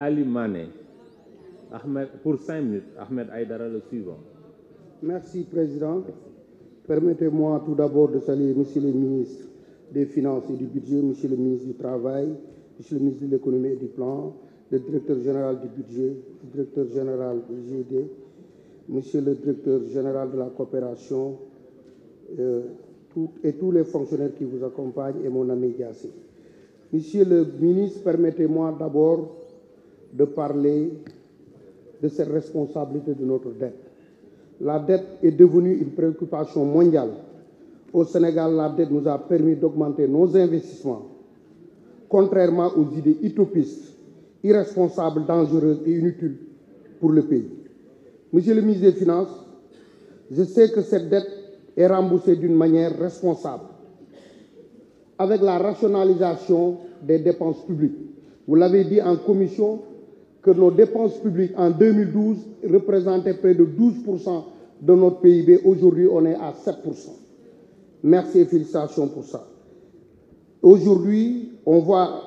Ali Mane, pour 5 minutes, Ahmed Aïdara, le suivant. Merci, Président. Permettez-moi tout d'abord de saluer Monsieur le ministre des Finances et du Budget, Monsieur le ministre du Travail, Monsieur le ministre de l'Économie et du Plan, le directeur général du budget, le directeur général du GD, Monsieur le directeur général de la coopération, euh, et tous les fonctionnaires qui vous accompagnent et mon ami Yassé. Monsieur le ministre, permettez-moi d'abord de parler de cette responsabilité de notre dette. La dette est devenue une préoccupation mondiale. Au Sénégal, la dette nous a permis d'augmenter nos investissements, contrairement aux idées utopistes, irresponsables, dangereuses et inutiles pour le pays. Monsieur le ministre des Finances, je sais que cette dette est remboursée d'une manière responsable, avec la rationalisation des dépenses publiques. Vous l'avez dit en commission, que nos dépenses publiques en 2012 représentaient près de 12% de notre PIB. Aujourd'hui, on est à 7%. Merci et félicitations pour ça. Aujourd'hui, on voit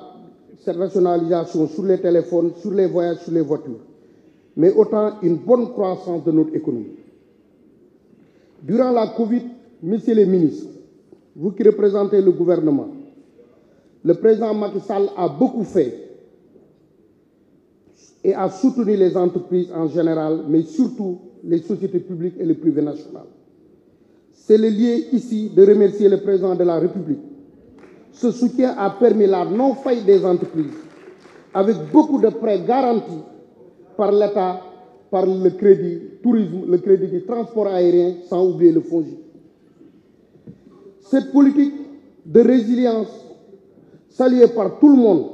cette rationalisation sur les téléphones, sur les voyages, sur les voitures, mais autant une bonne croissance de notre économie. Durant la Covid, messieurs les ministres, vous qui représentez le gouvernement, le président Macky Sall a beaucoup fait et à soutenir les entreprises en général, mais surtout les sociétés publiques et les privé nationales. C'est le lieu ici de remercier le président de la République. Ce soutien a permis la non-faillite des entreprises, avec beaucoup de prêts garantis par l'État, par le crédit tourisme, le crédit du transport aérien, sans oublier le fonds Cette politique de résilience, saluée par tout le monde,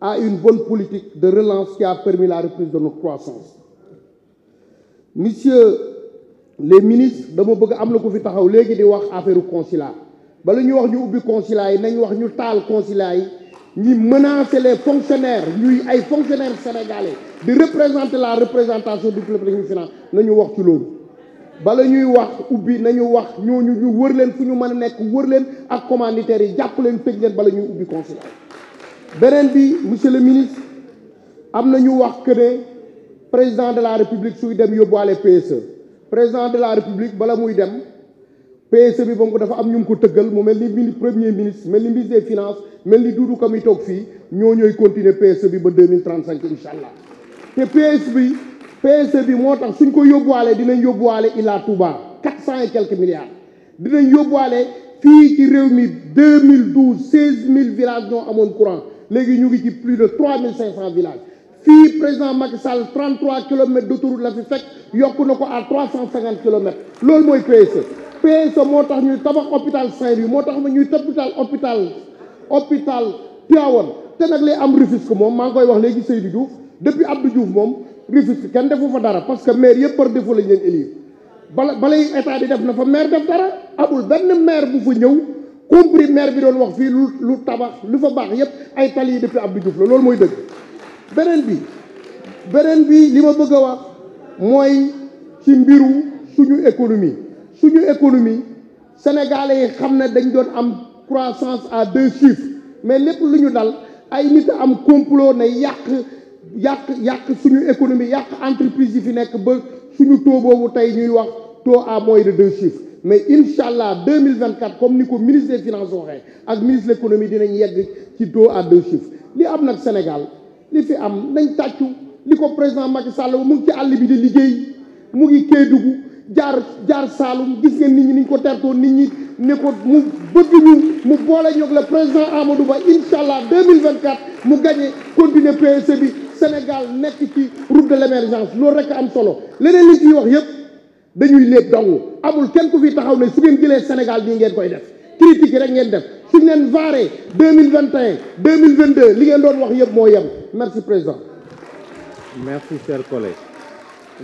à une bonne politique de relance qui a permis la reprise de notre croissance. Monsieur les ministres dama bëgg am na ko fi taxaw léegi di wax affaire consulat bala ñu wax ñu ubbi consulat yi nañ wax ñu taal consulat yi ñi menacer les fonctionnaires ñuy ay fonctionnaires sénégalais de représenter la représentation du peuple ñu finance nañu wax ci loolu bala ñuy wax ubbi nañu wax ñooñu ñu wër leen fu ñu mën nous avons wër leen ak commanditaires yi leen tëj leen bala ñuy consulat benen bi monsieur le ministre am ñu wax que né président de la république suy dem yóbbuwaale PSE président de la république bala muy dem PSE bi moom dafa am ñum ko teugal mu melni premier ministre melni ministre des finances melni ni Doudou Ka mi toog fii ñoo ñooy continuer PSE bi ba 2035, Inch'Allah. té cinq PSE bi PSE bi motax suñ ko dinañ Ila Touba 400 et quelques milliards dinañ yóbbuwaale fi ci réew mi deux villages ñoo amone courant léegi ñu ngi ci plus de 3500 villages fii président Macky Sall 33 kilomètres d'autoroute la fi fekk yokk na ko à 350 kilomètres loolu mooy PSE PSE moo tax ñuy tabax hôpital Saint-Louis moo tax ñuy tapital hôpital hôpital Tivaouane te nag lay am Rufisque moom maa ngi koy wax léegi Seydou Diouf depuis Abdou Diouf moom Rufisque kenn defu fa dara parce que maire yëpp par défaut lañ leen élire balay état di def na fa maire def dara amul benn maire bu fa ñëw compris maire bi doon wax fii lu lu tabax lu fa baax ay tali depuis Abdou Diouf la loolu mooy dëgg beneen bi beneen bi li bëgg a ci mbiru suñu économie suñu économie sénégalais dañ croissance à deux chiffres mais lépp lu dal ay nit am complot ne yàq yàq yàq suñu économie yàq entreprise yi fi nekk ba suñu taux boobu tey ñuy wax à de deux chiffres mais inshallah 2024 comme niko ministre des finances waxee ak ministre de l'Économie, dinañ yegg ci à deux chiffres li am nak Sénégal li fi am nañ tàccu liko président Macky Sall mu ci di liggéey mu ngi jaar jaar gis nit ñi ni nit ñi ne ko mu bëgg ñu mu boole le président Amadou Ba inshallah 2024 mu gagné continuer PSC e bi Sénégal nekk ci route de l'émergence. émergence rek am solo leneen li wax dañuy léeg dong amul kenn ku fi taxaw ne su ngeen jëlee Sénégal nii ngeen koy def critique rek ngeen def su ngeen 2021 2022 li ngeen doon wax yëpp moo yem merci président. merci cher collègue.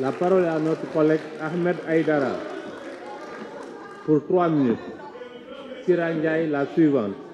la parole est à notre collègue Ahmed Aïdara pour trois minutes. Sira Ndiaye la suivante.